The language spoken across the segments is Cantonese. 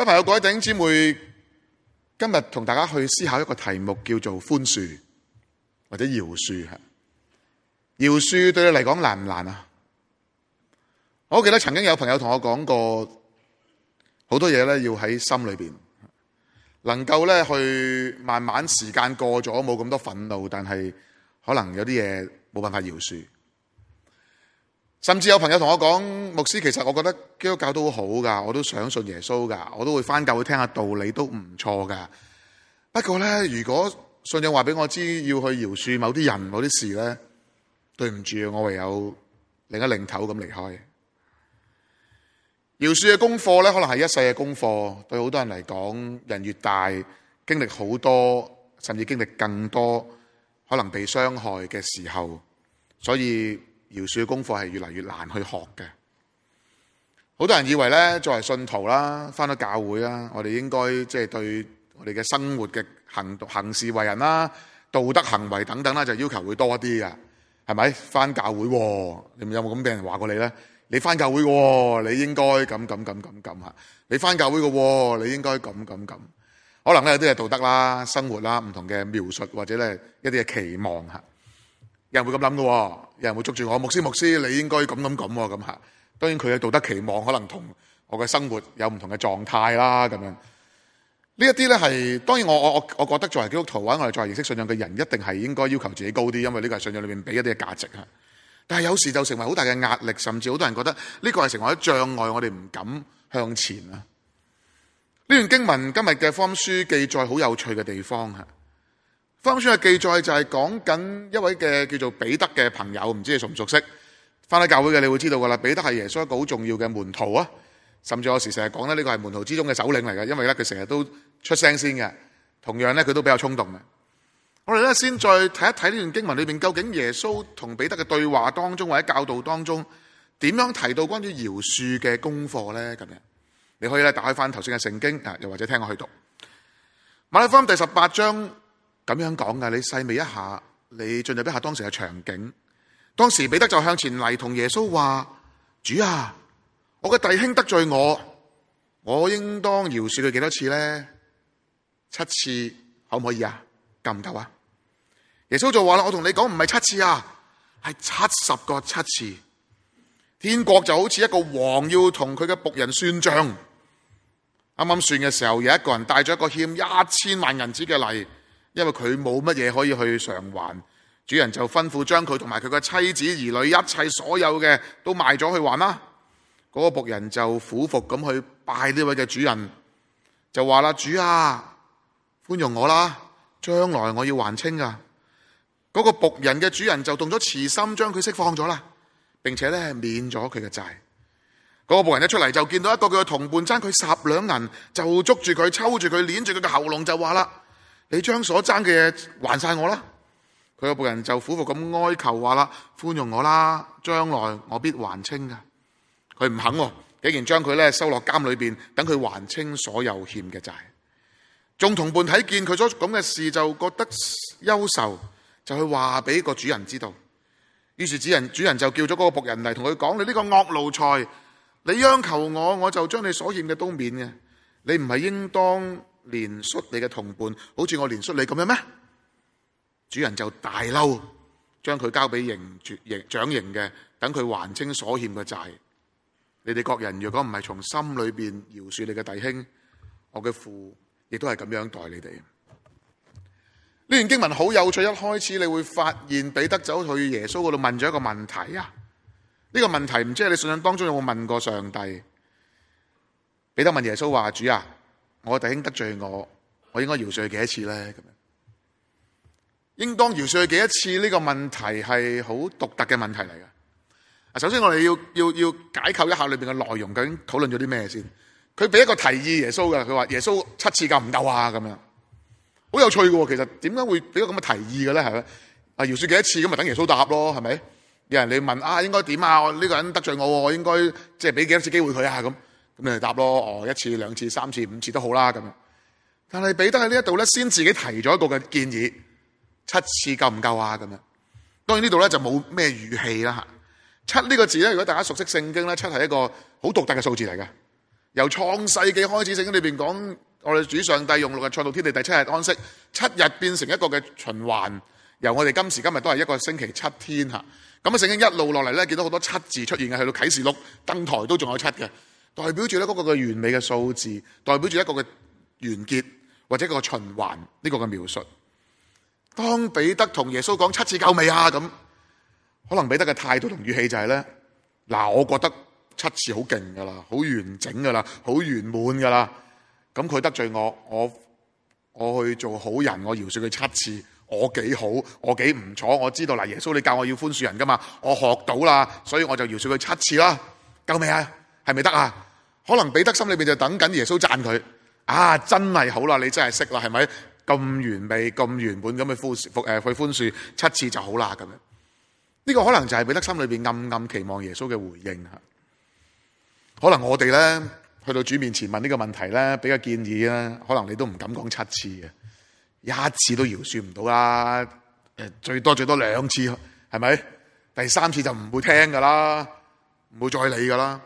各位朋友、各位弟兄姊妹，今日同大家去思考一個題目，叫做寬恕或者饒恕。吓，饒恕對你嚟講難唔難啊？我記得曾經有朋友同我講過，好多嘢咧要喺心裏邊，能夠咧去慢慢時間過咗，冇咁多憤怒，但係可能有啲嘢冇辦法饒恕。甚至有朋友同我講，牧師，其實我覺得基督教都好噶，我都想信耶穌噶，我都會返教會聽下道理都唔錯噶。不過呢，如果信仰話俾我知要去饒恕某啲人、某啲事呢，對唔住，我唯有擰一擰頭咁離開。饒恕嘅功課呢，可能係一世嘅功課。對好多人嚟講，人越大，經歷好多，甚至經歷更多，可能被傷害嘅時候，所以。描述嘅功課係越嚟越難去學嘅，好多人以為咧，作為信徒啦，翻到教會啦，我哋應該即係、就是、對我哋嘅生活嘅行行事為人啦、道德行為等等啦，就要求會多啲㗎，係咪？翻教會、啊，你有冇咁俾人話過你呢？你翻教會、啊，你應該咁咁咁咁咁吓，你翻教會嘅、啊，你應該咁咁咁，可能呢，有啲係道德啦、生活啦、唔同嘅描述或者呢，一啲嘅期望吓。有人會咁諗嘅，有人會捉住我，牧師，牧師，你應該咁諗咁喎咁嚇。當然佢嘅道德期望可能同我嘅生活有唔同嘅狀態啦。咁樣呢一啲呢，係當然我我我我覺得作為基督徒或者我哋作為認識信仰嘅人，一定係應該要求自己高啲，因為呢個係信仰裏面俾一啲嘅價值。但係有時就成為好大嘅壓力，甚至好多人覺得呢個係成為一啲障礙，我哋唔敢向前啊。呢段經文今日嘅方書記載好有趣嘅地方啊！福音書嘅記載就係講緊一位嘅叫做彼得嘅朋友，唔知你熟唔熟悉？翻去教會嘅你會知道噶啦，彼得係耶穌一個好重要嘅門徒啊，甚至有時成日講咧呢個係門徒之中嘅首領嚟嘅，因為咧佢成日都出聲先嘅。同樣咧佢都比較衝動嘅。我哋咧先再睇一睇呢段經文裏邊究竟耶穌同彼得嘅對話當中或者教導當中點樣提到關於饒恕嘅功課咧？咁樣你可以咧打開翻頭先嘅聖經啊，又或者聽我去讀馬太福音第十八章。咁樣講噶，你細味一下，你進入一下當時嘅場景。當時彼得就向前嚟同耶穌話：主啊，我嘅弟兄得罪我，我應當饒恕佢幾多次呢？七次可唔可以啊？夠唔夠啊？耶穌就話啦：我同你講唔係七次啊，係七十個七次。天國就好似一個王要同佢嘅僕人算賬。啱啱算嘅時候，有一個人帶咗一個欠一千萬銀紙嘅嚟。因為佢冇乜嘢可以去償還，主人就吩咐將佢同埋佢嘅妻子兒女一切所有嘅都賣咗去還啦。嗰個僕人就苦服咁去拜呢位嘅主人，就話啦：主啊，寬容我啦，將來我要還清噶。嗰個僕人嘅主人就動咗慈心，將佢釋放咗啦，並且咧免咗佢嘅債。嗰個僕人一出嚟，就見到一個佢嘅同伴爭佢十兩銀，就捉住佢，抽住佢，捏住佢嘅喉嚨，就話啦。你將所爭嘅嘢還晒我啦！佢個僕人就苦苦咁哀求話啦：寬容我啦，將來我必還清噶。佢唔肯，竟然將佢咧收落監裏邊，等佢還清所有欠嘅債。眾同伴睇見佢咗咁嘅事，就覺得憂愁，就去話俾個主人知道。於是主人主人，就叫咗嗰個僕人嚟同佢講：你、這、呢個惡奴才，你央求我，我就將你所欠嘅都免嘅。你唔係應當憐恤你嘅同伴，好似我憐恤你咁樣咩？主人就大嬲，將佢交俾刑絕刑掌刑嘅，等佢還清所欠嘅債。你哋各人如果唔係從心裏邊饒恕你嘅弟兄，我嘅父亦都係咁樣待你哋。呢段經文好有趣，一開始你會發現彼得走去耶穌嗰度問咗一個問題啊。呢個問題唔知係你信仰當中有冇問過上帝？彼得問耶穌話：主啊！我弟兄得罪我，我應該饒恕佢幾多次咧？咁樣，應當饒恕佢幾多次？呢個問題係好獨特嘅問題嚟嘅。啊，首先我哋要要要解構一下裏邊嘅內容，究竟討論咗啲咩先？佢俾一個提議耶穌嘅，佢話耶穌七次夠唔夠啊，咁樣好有趣嘅。其實點解會俾咁嘅提議嘅咧？係咪啊？饒恕幾多次咁咪等耶穌答咯？係咪？有人你問啊，應該點啊？呢個人得罪我，我應該即係俾幾多次機會佢啊？咁。咁嚟答咯、哦，一次、兩次、三次、五次都好啦咁。但係彼得喺呢一度咧，先自己提咗一個嘅建議，七次夠唔夠啊？咁啊，當然呢度咧就冇咩語氣啦吓。七呢個字咧，如果大家熟悉聖經咧，七係一個好獨特嘅數字嚟嘅。由創世紀開始，聖經裏邊講我哋主上帝用六日創造天地，第七日安息，七日變成一個嘅循環。由我哋今時今日都係一個星期七天吓。咁啊，聖經一路落嚟咧，見到好多七字出現嘅，去到啟示錄、登台都仲有七嘅。代表住咧嗰個嘅完美嘅數字，代表住一個嘅完結或者一個循環呢個嘅描述。當彼得同耶穌講七次夠未啊？咁可能彼得嘅態度同語氣就係咧，嗱，我覺得七次好勁噶啦，好完整噶啦，好圓滿噶啦。咁佢得罪我，我我去做好人，我饒恕佢七次，我幾好，我幾唔錯，我知道嗱，耶穌你教我要寬恕人噶嘛，我學到啦，所以我就饒恕佢七次啦，夠未啊？係咪得啊？可能彼得心裏邊就等緊耶穌讚佢，啊真係好啦，你真係識啦，係咪咁完美咁圓滿咁去寬恕，誒去寬恕七次就好啦咁樣。呢個可能就係彼得心裏邊暗暗期望耶穌嘅回應吓。可能我哋咧去到主面前問呢個問題咧，俾個建議咧，可能你都唔敢講七次嘅，一次都饒恕唔到啦。誒，最多最多兩次，係咪？第三次就唔會聽噶啦，唔會再理噶啦。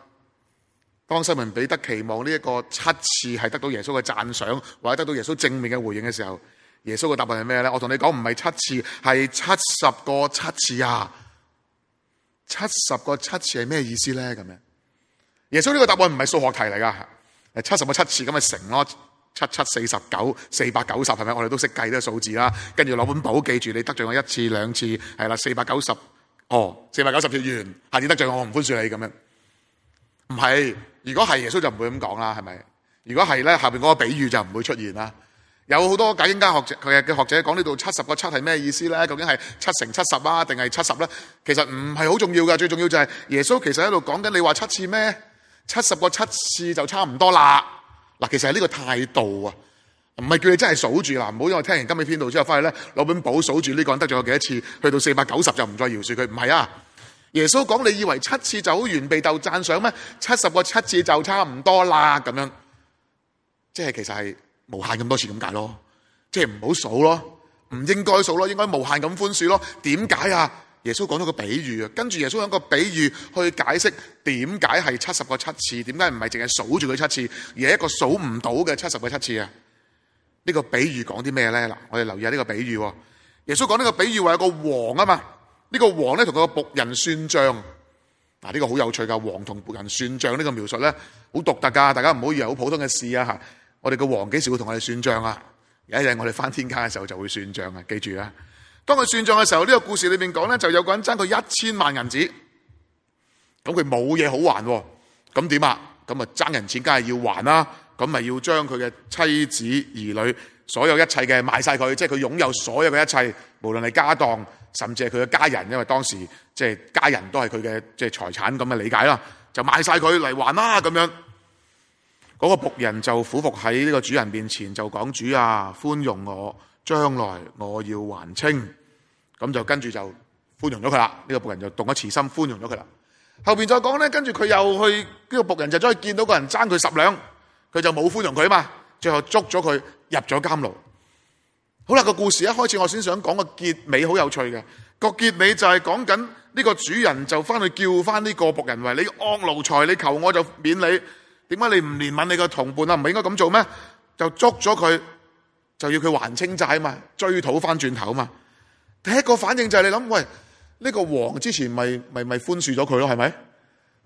當西門彼得期望呢一個七次係得到耶穌嘅讚賞，或者得到耶穌正面嘅回應嘅時候，耶穌嘅答案係咩咧？我同你講唔係七次，係七十個七次啊！七十個七次係咩意思咧？咁樣，耶穌呢個答案唔係數學題嚟噶，誒，七十個七次咁咪乘咯，七七四十九，四百九十係咪？我哋都識計啲數字啦，跟住攞本簿記住，你得罪我一次兩次，係啦，四百九十，哦，四百九十就完，下次得罪我我唔寬恕你咁樣。唔係，如果係耶穌就唔會咁講啦，係咪？如果係呢，下邊嗰個比喻，就唔會出現啦。有好多假英家學者，佢嘅學者講呢度七十個七係咩意思呢？究竟係七乘七十啊，定係七十呢？其實唔係好重要噶，最重要就係耶穌其實喺度講緊，你話七次咩？七十個七次就差唔多啦。嗱，其實係呢個態度啊，唔係叫你真係數住啦，唔好因為聽完今日篇道之後，翻去呢，攞本簿數住呢個人得咗幾多次，去到四百九十就唔再饒恕佢。唔係啊。耶穌講：你以為七次就好完被斗讚賞咩？七十個七次就差唔多啦，咁樣，即係其實係無限咁多次咁解咯，即係唔好數咯，唔應該數咯，應該無限咁寬恕咯。點解啊？耶穌講咗個比喻啊，跟住耶穌有個比喻去解釋點解係七十個七次，點解唔係淨係數住佢七次，而係一個數唔到嘅七十個七次啊？呢個比喻講啲咩咧？嗱，我哋留意下呢個比喻。耶穌講呢個比喻話有個王啊嘛。呢、這個王咧同佢個僕人算賬，嗱、這、呢個好有趣噶，王同僕人算賬呢個描述咧好獨特噶，大家唔好以為好普通嘅事啊吓！我哋個王幾時會同我哋算賬啊？有一日我哋翻天家嘅時候就會算賬啊！記住啊，當佢算賬嘅時候，呢、這個故事裏面講咧，就有個人爭佢一千萬銀紙，咁佢冇嘢好還，咁點啊？咁啊爭人錢，梗係要還啦，咁咪要將佢嘅妻子兒女。所有一切嘅賣晒佢，即係佢擁有所有嘅一切，無論係家當，甚至係佢嘅家人，因為當時即係家人都係佢嘅即係財產咁嘅理解啦，就賣晒佢嚟還啦咁樣。嗰、那個僕人就俯伏喺呢個主人面前就，就講，主啊，寬容我，將來我要還清。咁就跟住就寬容咗佢啦。呢、這個僕人就動咗慈心，寬容咗佢啦。後邊再講呢，跟住佢又去呢、這個僕人就再見到個人爭佢十兩，佢就冇寬容佢啊嘛。最後捉咗佢入咗監牢。好啦，個故事一開始我先想講個結尾，好有趣嘅。個結尾就係講緊呢個主人就翻去叫翻呢個僕人為，你惡奴才，你求我就免你。點解你唔憐憫你個同伴啊？唔係應該咁做咩？就捉咗佢，就要佢還清債啊嘛，追討翻轉頭啊嘛。第一個反應就係、是、你諗，喂，呢、這個王之前咪咪咪寬恕咗佢咯，係咪？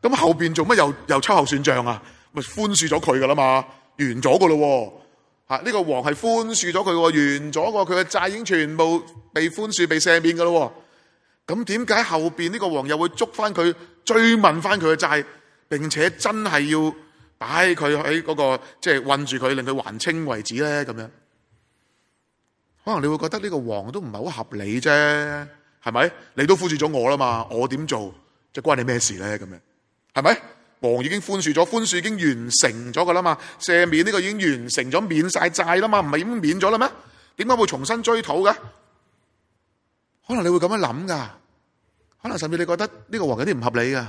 咁後邊做乜又又秋後算賬？啊？咪寬恕咗佢噶啦嘛？完咗噶咯喎，呢個王係寬恕咗佢喎，完咗個佢嘅債已經全部被寬恕，被赦免噶咯喎。咁點解後邊呢個王又會捉翻佢，追問翻佢嘅債，並且真係要擺佢喺嗰個即係、就是、困住佢，令佢還清為止咧？咁樣可能你會覺得呢個王都唔係好合理啫，係咪？你都寬恕咗我啦嘛，我點做？即係關你咩事咧？咁樣係咪？王已經寬恕咗，寬恕已經完成咗噶啦嘛，赦免呢個已經完成咗，免晒債啦嘛，唔係已經免咗啦咩？點解會重新追討嘅？可能你會咁樣諗噶，可能甚至你覺得呢個王有啲唔合理噶，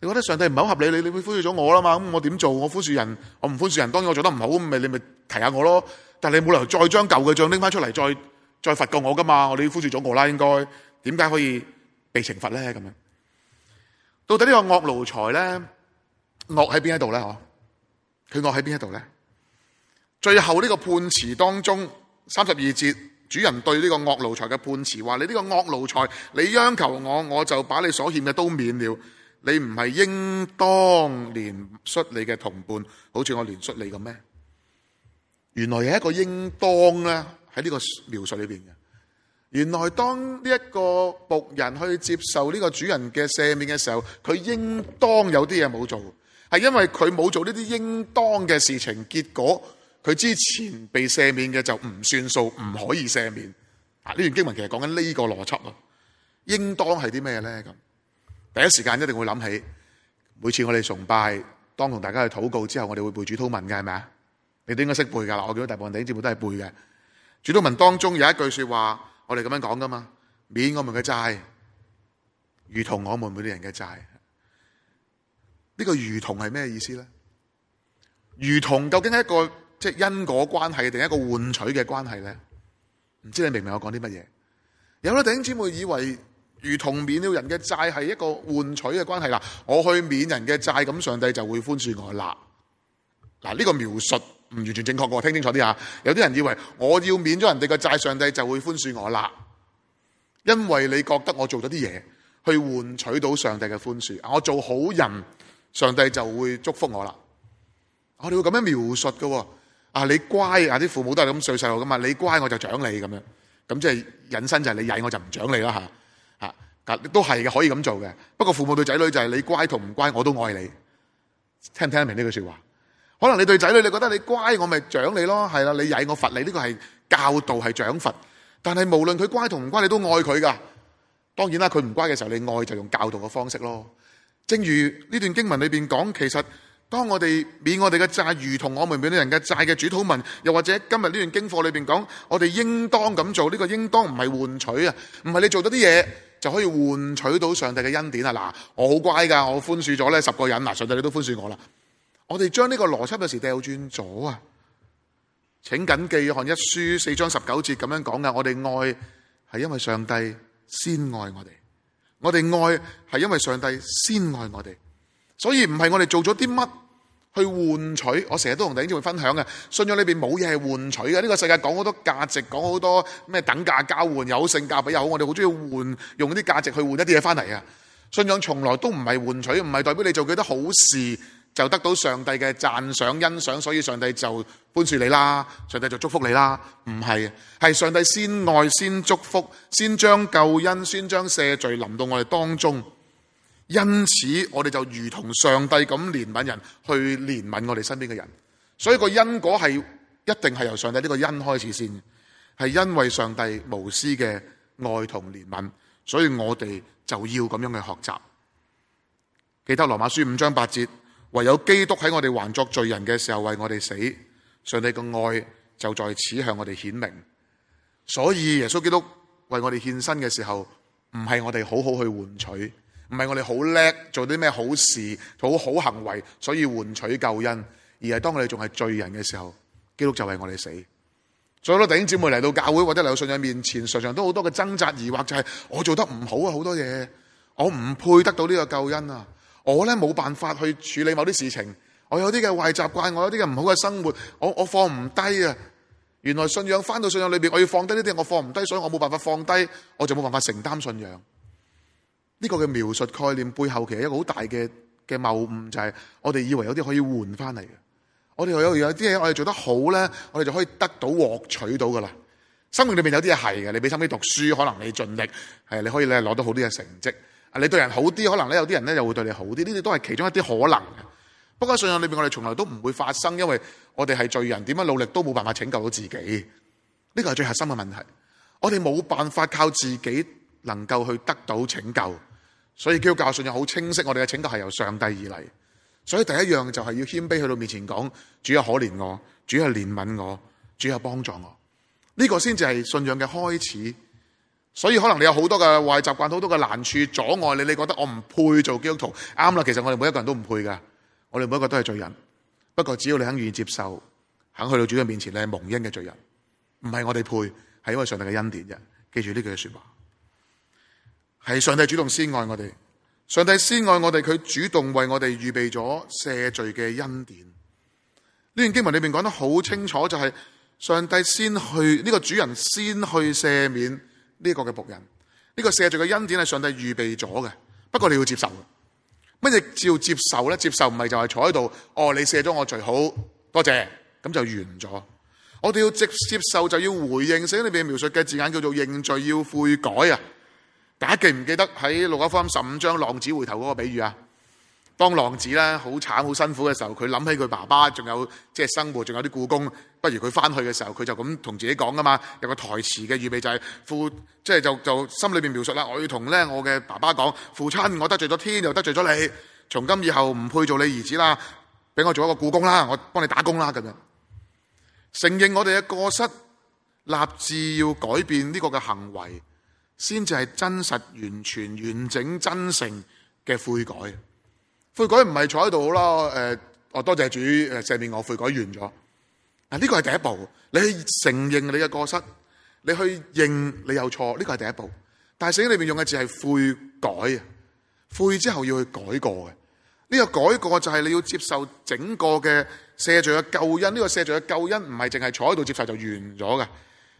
你覺得上帝唔係好合理，你你寬恕咗我啦嘛，咁我點做？我寬恕人，我唔寬恕人，當然我做得唔好，咁咪你咪提下我咯。但係你冇理由再將舊嘅賬拎翻出嚟，再再罰過我噶嘛？我哋要寬恕咗我啦，應該點解可以被懲罰咧？咁樣，到底呢個惡奴才咧？惡喺邊一度呢？嗬，佢惡喺邊一度呢？最後呢個判詞當中三十二節，主人對呢個惡奴才嘅判詞話：你呢個惡奴才，你央求我，我就把你所欠嘅都免了。你唔係應當憐恤你嘅同伴，好似我憐恤你咁咩？原來有一個應當呢，喺呢個描述裏邊嘅。原來當呢一個僕人去接受呢個主人嘅赦免嘅時候，佢應當有啲嘢冇做。係因為佢冇做呢啲應當嘅事情，結果佢之前被赦免嘅就唔算數，唔可以赦免。啊，呢段經文其實講緊呢個邏輯啊，應當係啲咩咧？咁第一時間一定會諗起，每次我哋崇拜，當同大家去禱告之後，我哋會背主禱文嘅，係咪啊？你都應該識背噶啦。我見到大部分弟兄姊妹都係背嘅。主禱文當中有一句說話，我哋咁樣講噶嘛：免我們嘅債，如同我們免了人嘅債。呢個如同係咩意思呢？如同究竟係一個即係因果關係，定一個換取嘅關係呢？唔知你明唔明我講啲乜嘢？有啲弟兄姊妹以為如同免了人嘅債係一個換取嘅關係啦，我去免人嘅債，咁上帝就會寬恕我啦。嗱，呢個描述唔完全正確，我聽清楚啲啊！有啲人以為我要免咗人哋嘅債，上帝就會寬恕我啦，因為你覺得我做咗啲嘢去換取到上帝嘅寬恕，我做好人，上帝就會祝福我啦！我、哦、哋會咁樣描述㗎喎，啊你乖啊，啲父母都係咁教細路噶嘛，你乖我就獎你咁樣，咁即係引申就係、是、你曳我就唔獎你啦嗱，嚇、啊，都係嘅可以咁做嘅。不過父母對仔女就係、是、你乖同唔乖我都愛你，聽唔聽得明呢句説話？可能你對仔女你覺得你乖我咪獎你咯，係啦，你曳我罰你呢、這個係教導係獎罰，但係無論佢乖同唔乖你都愛佢噶。當然啦，佢唔乖嘅時候你愛就用教導嘅方式咯。正如呢段經文裏邊講，其實當我哋免我哋嘅債，如同我們免人嘅債嘅主禱文，又或者今日呢段經課裏邊講，我哋應當咁做。呢、這個應當唔係換取啊，唔係你做咗啲嘢就可以換取到上帝嘅恩典啊！嗱，我好乖噶，我寬恕咗咧十個人嗱，上帝你都寬恕我啦。我哋將呢個邏輯有時掉轉咗啊！請謹記《約翰一書》四章十九節咁樣講嘅，我哋愛係因為上帝先愛我哋。我哋愛係因為上帝先愛我哋，所以唔係我哋做咗啲乜去換取。我成日都同弟兄們分享嘅，信仰裏邊冇嘢係換取嘅。呢個世界講好多價值，講好多咩等價交換，有性價比又好，我哋好中意換用啲價值去換一啲嘢翻嚟啊！信仰從來都唔係換取，唔係代表你做幾多好事就得到上帝嘅讚賞、欣賞，所以上帝就寬恕你啦，上帝就祝福你啦。唔係，係上帝先愛、先祝福、先將救恩、先將赦罪臨到我哋當中，因此我哋就如同上帝咁憐憫人，去憐憫我哋身邊嘅人。所以個因果係一定係由上帝呢個因開始先，係因為上帝無私嘅愛同憐憫，所以我哋就要咁樣去學習。記得羅馬書五章八節。唯有基督喺我哋還作罪人嘅時候為我哋死，上帝嘅愛就在此向我哋顯明。所以耶穌基督為我哋獻身嘅時候，唔係我哋好好去換取，唔係我哋好叻做啲咩好事、做好好行為，所以換取救恩。而係當我哋仲係罪人嘅時候，基督就為我哋死。所以好多弟兄姊妹嚟到教會或者嚟到信仰面前，常常都好多嘅掙扎疑惑，就係、是、我做得唔好啊，好多嘢，我唔配得到呢個救恩啊。我咧冇辦法去處理某啲事情，我有啲嘅壞習慣，我有啲嘅唔好嘅生活，我我放唔低啊！原來信仰翻到信仰裏面。我要放低呢啲，我放唔低，所以我冇辦法放低，我就冇辦法承擔信仰。呢個嘅描述概念背後其實係一個好大嘅嘅謬誤，就係我哋以為有啲可以換翻嚟嘅，我哋有有有啲嘢我哋做得好呢，我哋就可以得到獲取到噶啦。生命裏面有啲嘢係嘅，你俾心機讀書，可能你盡力係你可以咧攞到好啲嘅成績。你對人好啲，可能咧有啲人咧又會對你好啲，呢啲都係其中一啲可能。不過信仰裏面我哋從來都唔會發生，因為我哋係罪人，點樣努力都冇辦法拯救到自己。呢個係最核心嘅問題。我哋冇辦法靠自己能夠去得到拯救，所以基督教信仰好清晰，我哋嘅拯救係由上帝而嚟。所以第一樣就係要謙卑去到面前講：主啊，可憐我；主啊，憐憫我；主啊，幫助我。呢個先至係信仰嘅開始。所以可能你有好多嘅壞習慣，好多嘅難處阻礙你，你覺得我唔配做基督徒？啱啦，其實我哋每一個人都唔配噶，我哋每一個都係罪人。不過只要你肯願意接受，肯去到主嘅面前，你係蒙恩嘅罪人，唔係我哋配，係因為上帝嘅恩典啫。記住呢句說話，係上帝主動先愛我哋，上帝先愛我哋，佢主動為我哋預備咗赦罪嘅恩典。呢段經文裏面講得好清楚，就係上帝先去呢個主人先去赦免。呢、這、一個嘅僕人，呢、這個赦罪嘅恩典係上帝預備咗嘅，不過你要接受嘅。乜嘢叫接受呢？接受唔係就係坐喺度，哦，你赦咗我最好，多謝，咁就完咗。我哋要接接受就要回應聖經裏邊描述嘅字眼，叫做認罪要悔改啊！大家記唔記得喺路加福音十五章浪子回頭嗰、那個比喻啊？當浪子咧好慘好辛苦嘅時候，佢諗起佢爸爸，仲有即係生活，仲有啲僱工不如佢翻去嘅時候，佢就咁同自己講噶嘛，有個台詞嘅預備就係、是、父，即係就是、就，就心裏邊描述啦。我要同咧我嘅爸爸講，父親，我得罪咗天又得罪咗你，從今以後唔配做你兒子啦，俾我做一個僱工啦，我幫你打工啦咁樣。承認我哋嘅過失，立志要改變呢個嘅行為，先至係真實、完全、完整、真誠嘅悔改。悔改唔係坐喺度好啦，誒、呃，我多謝主，誒，赦免我悔改完咗。嗱，呢個係第一步，你去承認你嘅過失，你去認你有錯，呢、這個係第一步。但係聖經裏面用嘅字係悔改啊，悔之後要去改過嘅。呢、這個改過就係你要接受整個嘅赦罪嘅救恩。呢、這個赦罪嘅救恩唔係淨係坐喺度接受就完咗嘅，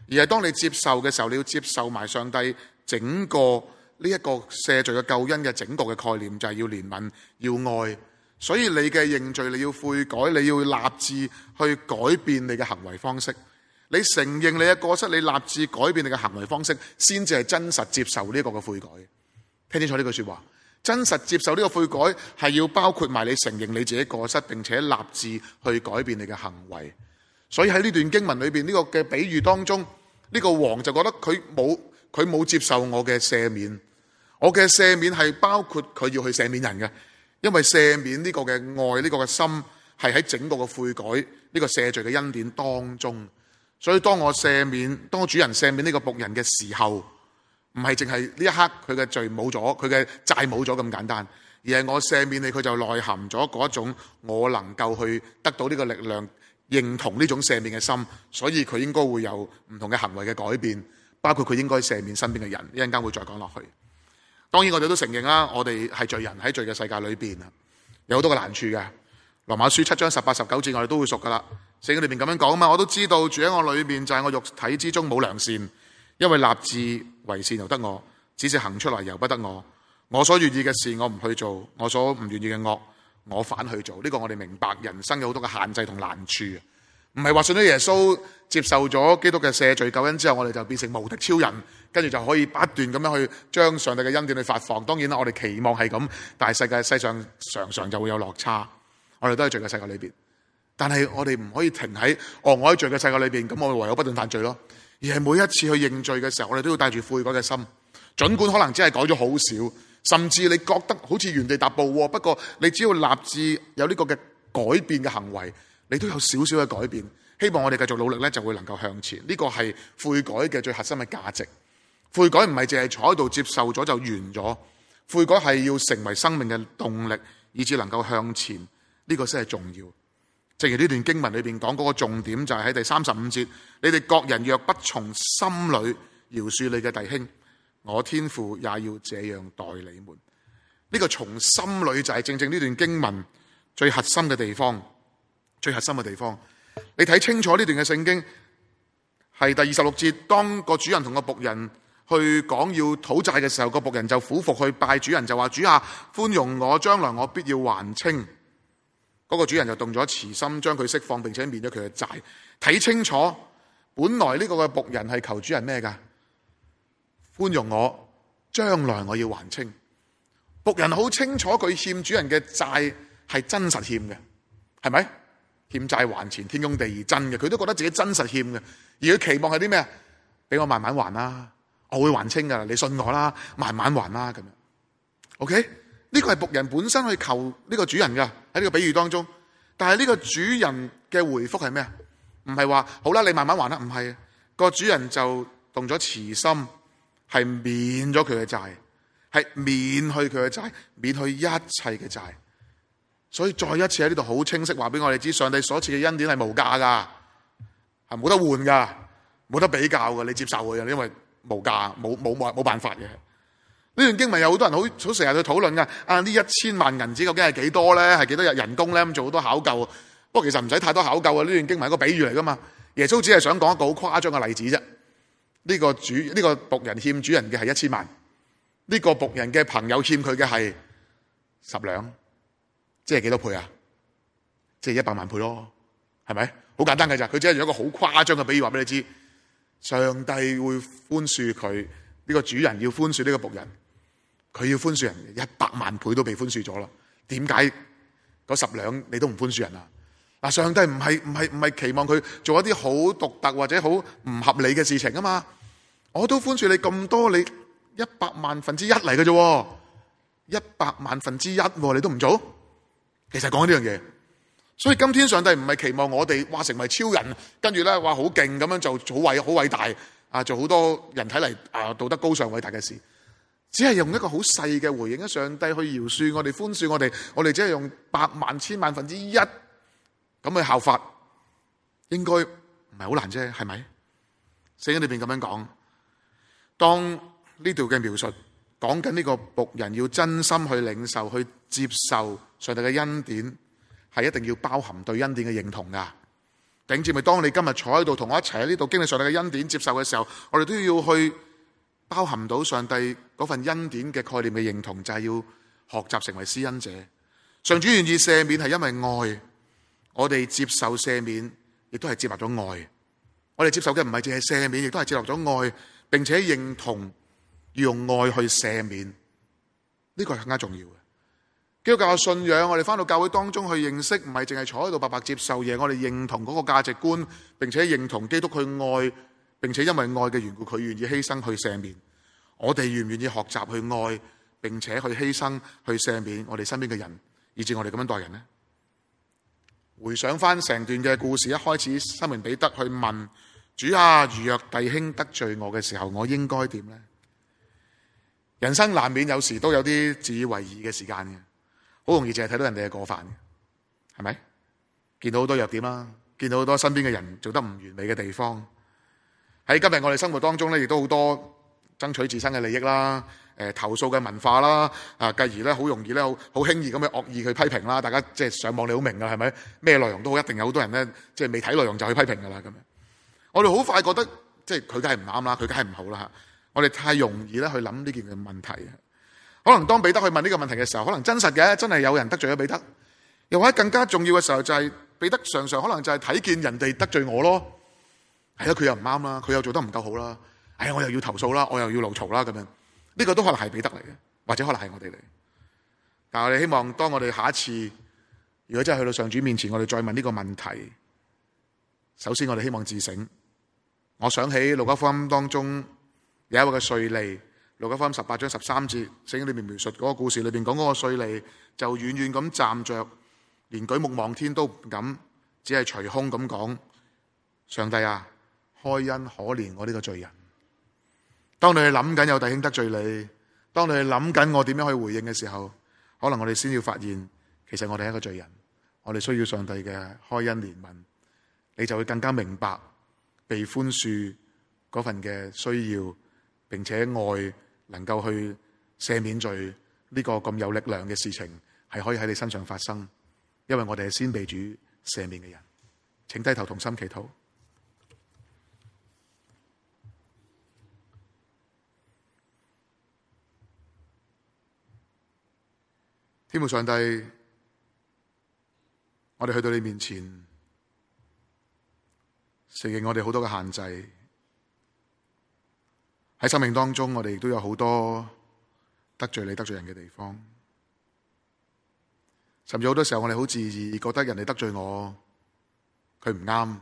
而係當你接受嘅時候，你要接受埋上帝整個呢一個赦罪嘅救恩嘅整個嘅概念，就係、是、要憐憫，要愛。所以你嘅認罪，你要悔改，你要立志去改變你嘅行為方式。你承認你嘅過失，你立志改變你嘅行為方式，先至係真實接受呢個嘅悔改。聽清楚呢句說話，真實接受呢個悔改係要包括埋你承認你自己過失，並且立志去改變你嘅行為。所以喺呢段經文裏邊，呢個嘅比喻當中，呢個王就覺得佢冇，佢冇接受我嘅赦免，我嘅赦免係包括佢要去赦免人嘅。因為赦免呢個嘅愛，呢個嘅心係喺整個嘅悔改呢個赦罪嘅恩典當中，所以當我赦免，當主人赦免呢個僕人嘅時候，唔係淨係呢一刻佢嘅罪冇咗，佢嘅債冇咗咁簡單，而係我赦免你，佢就內含咗嗰一種我能夠去得到呢個力量，認同呢種赦免嘅心，所以佢應該會有唔同嘅行為嘅改變，包括佢應該赦免身邊嘅人，一陣間會再講落去。當然我哋都承認啦，我哋係罪人喺罪嘅世界裏面，啊，有好多嘅難處嘅。羅馬書七章十八十九節我哋都會熟噶啦，聖經裏面咁樣講嘛，我都知道住喺我裏面就係我肉體之中冇良善，因為立志為善由得我，只是行出來由不得我。我所願意嘅事我唔去做，我所唔願意嘅惡我反去做。呢、這個我哋明白，人生有好多嘅限制同難處。唔係話信咗耶穌，接受咗基督嘅赦罪救恩之後，我哋就變成無敵超人，跟住就可以不斷咁樣去將上帝嘅恩典去發放。當然啦，我哋期望係咁，但係世界世上常常就會有落差。我哋都係罪嘅世界裏邊，但係我哋唔可以停喺，哦，我喺罪嘅世界裏邊，咁我哋唯有不斷犯罪咯。而係每一次去認罪嘅時候，我哋都要帶住悔改嘅心，盡管可能只係改咗好少，甚至你覺得好似原地踏步喎。不過你只要立志有呢個嘅改變嘅行為。你都有少少嘅改變，希望我哋繼續努力咧，就會能夠向前。呢個係悔改嘅最核心嘅價值。悔改唔係淨係坐喺度接受咗就完咗，悔改係要成為生命嘅動力，以至能夠向前。呢個先係重要。正如呢段經文裏邊講嗰個重點，就係喺第三十五節：你哋各人若不從心裏饒恕你嘅弟兄，我天父也要這樣待你們。呢個從心裏就係正正呢段經文最核心嘅地方。最核心嘅地方，你睇清楚呢段嘅聖經，係第二十六節。當個主人同個僕人去講要討債嘅時候，個僕人就俯伏去拜主人，就話：「主啊，寬容我，將來我必要還清。」嗰、那個主人就動咗慈心，將佢釋放並且免咗佢嘅債。睇清楚，本來呢個嘅僕人係求主人咩㗎？寬容我，將來我要還清。僕人好清楚佢欠主人嘅債，係真實欠嘅，係咪？欠債還錢，天公地義，真嘅，佢都覺得自己真實欠嘅，而佢期望係啲咩？俾我慢慢還啦，我會還清噶啦，你信我啦，慢慢還啦咁樣。OK，呢個係僕人本身去求呢個主人噶。喺呢個比喻當中，但係呢個主人嘅回覆係咩啊？唔係話好啦，你慢慢還啦，唔係，個主人就動咗慈心，係免咗佢嘅債，係免去佢嘅債，免去一切嘅債。所以再一次喺呢度好清晰話俾我哋知，上帝所賜嘅恩典係無價噶，係冇得換噶，冇得比較噶，你接受佢啊，因為無價，冇冇冇冇辦法嘅。呢段經文有好多人好好成日去討論㗎。啊呢一千萬銀紙究竟係幾多咧？係幾多日人工咧？咁做好多考究。不過其實唔使太多考究啊，呢段經文係個比喻嚟噶嘛。耶穌只係想講一個好誇張嘅例子啫。呢、這個主呢、這個僕人欠主人嘅係一千萬，呢、這個僕人嘅朋友欠佢嘅係十兩。即係幾多倍啊？即係一百萬倍咯，係咪好簡單噶？咋佢只係用一個好誇張嘅比喻話俾你知，上帝會寬恕佢呢個主人要寬恕呢個僕人，佢要寬恕人一百萬倍都被寬恕咗啦。點解嗰十兩你都唔寬恕人啊？嗱，上帝唔係唔係唔係期望佢做一啲好獨特或者好唔合理嘅事情啊嘛？我都寬恕你咁多，你一百萬分之一嚟嘅啫，一百萬分之一啊，你都唔做。其實講呢樣嘢，所以今天上帝唔係期望我哋話成為超人，跟住咧話好勁咁樣做，好偉好偉大啊，做好多人睇嚟啊，道德高尚偉大嘅事，只係用一個好細嘅回應，上帝去饒恕我哋，寬恕我哋，我哋只係用百萬千萬分之一咁去效法，應該唔係好難啫，係咪？聖經裏邊咁樣講，當呢度嘅描述講緊呢個僕人要真心去領受，去接受。上帝嘅恩典係一定要包含對恩典嘅認同噶，頂住咪？當你今日坐喺度同我一齊喺呢度經歷上帝嘅恩典接受嘅時候，我哋都要去包含到上帝份恩典嘅概念嘅認同，就係要學習成為施恩者。上主願意赦免係因為愛，我哋接受赦免，亦都係接納咗愛。我哋接受嘅唔係淨係赦免，亦都係接納咗愛，並且認同要用愛去赦免，呢個係更加重要嘅。基督教嘅信仰，我哋翻到教會當中去認識，唔係淨係坐喺度白白接受嘢，我哋認同嗰個價值觀，並且認同基督佢愛，並且因為愛嘅緣故，佢願意犧牲去赦免。我哋願唔願意學習去愛，並且去犧牲去赦免我哋身邊嘅人，以至我哋咁樣待人呢？回想翻成段嘅故事，一開始西門彼得去問，主啊，如若弟兄得罪我嘅時候，我應該點呢？人生難免有時都有啲自以為義嘅時間的。好容易淨係睇到人哋嘅過犯嘅，係咪？見到好多弱點啦，見到好多身邊嘅人做得唔完美嘅地方。喺今日我哋生活當中咧，亦都好多爭取自身嘅利益啦，誒投訴嘅文化啦，啊繼而咧好容易咧好輕易咁樣惡意去批評啦。大家即係上網你好明噶，係咪？咩內容都好，一定有好多人咧，即係未睇內容就去批評噶啦。咁樣，我哋好快覺得即係佢梗係唔啱啦，佢梗係唔好啦吓。我哋太容易咧去諗呢件嘅問題。可能當彼得去問呢個問題嘅時候，可能真實嘅，真係有人得罪咗彼得。又或者更加重要嘅時候，就是，就係彼得常常可能就係睇見人哋得罪我咯。係、哎、咯，佢又唔啱啦，佢又做得唔夠好啦。哎呀，我又要投訴啦，我又要嘮嘈啦咁樣。呢、這個都可能係彼得嚟嘅，或者可能係我哋嚟。但係我哋希望，當我哋下一次如果真係去到了上主面前，我哋再問呢個問題，首先我哋希望自省。我想起路加福音當中有一個嘅稅吏。路加福音十八章十三節聖經裏面描述嗰個故事裏邊講嗰個稅吏就遠遠咁站着，連舉目望天都唔敢，只係捶胸咁講：上帝啊，開恩可憐我呢個罪人！當你去諗緊有弟兄得罪你，當你去諗緊我點樣去回應嘅時候，可能我哋先要發現，其實我哋係一個罪人，我哋需要上帝嘅開恩憐憫，你就會更加明白被寬恕嗰份嘅需要，並且愛。能夠去赦免罪，呢個咁有力量嘅事情係可以喺你身上發生，因為我哋係先被主赦免嘅人，請低頭同心祈禱。天父上帝，我哋去到你面前，承認我哋好多嘅限制。喺生命當中，我哋亦都有好多得罪你、得罪人嘅地方，甚至好多時候我哋好自意覺得人哋得罪我，佢唔啱，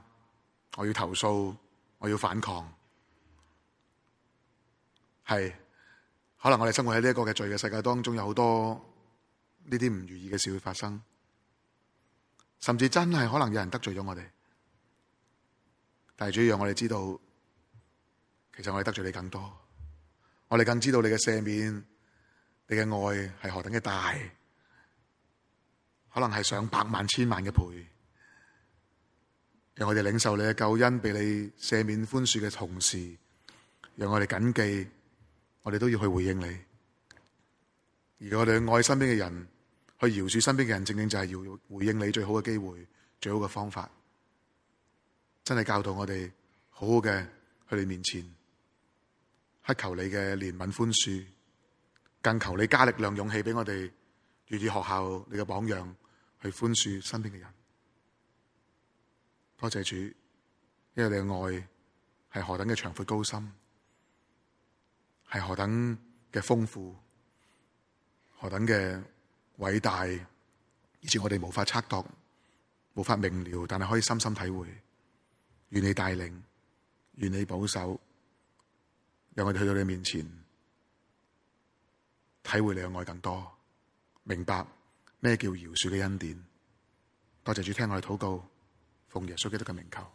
我要投訴，我要反抗。係可能我哋生活喺呢個嘅罪嘅世界當中，有好多呢啲唔如意嘅事會發生，甚至真係可能有人得罪咗我哋，但係主要讓我哋知道。其實我哋得罪你更多，我哋更知道你嘅赦免、你嘅愛係何等嘅大，可能係上百萬千萬嘅倍。讓我哋領受你嘅救恩，俾你赦免寬恕嘅同時，讓我哋謹記，我哋都要去回應你。而我哋去愛身邊嘅人，去饒恕身邊嘅人，正正就係要回應你最好嘅機會、最好嘅方法。真係教導我哋好好嘅去你面前。祈求你嘅憐憫寬恕，更求你加力量勇氣俾我哋，以學效你嘅榜樣去寬恕身邊嘅人。多謝主，因為你嘅愛係何等嘅長闊高深，係何等嘅豐富，何等嘅偉大，以致我哋無法測度，無法明了，但係可以深深體會。願你帶領，願你保守。讓我們去到你面前，體會你嘅愛更多，明白咩叫饒恕嘅恩典。多謝主聽我哋禱告，奉耶穌基督嘅名求。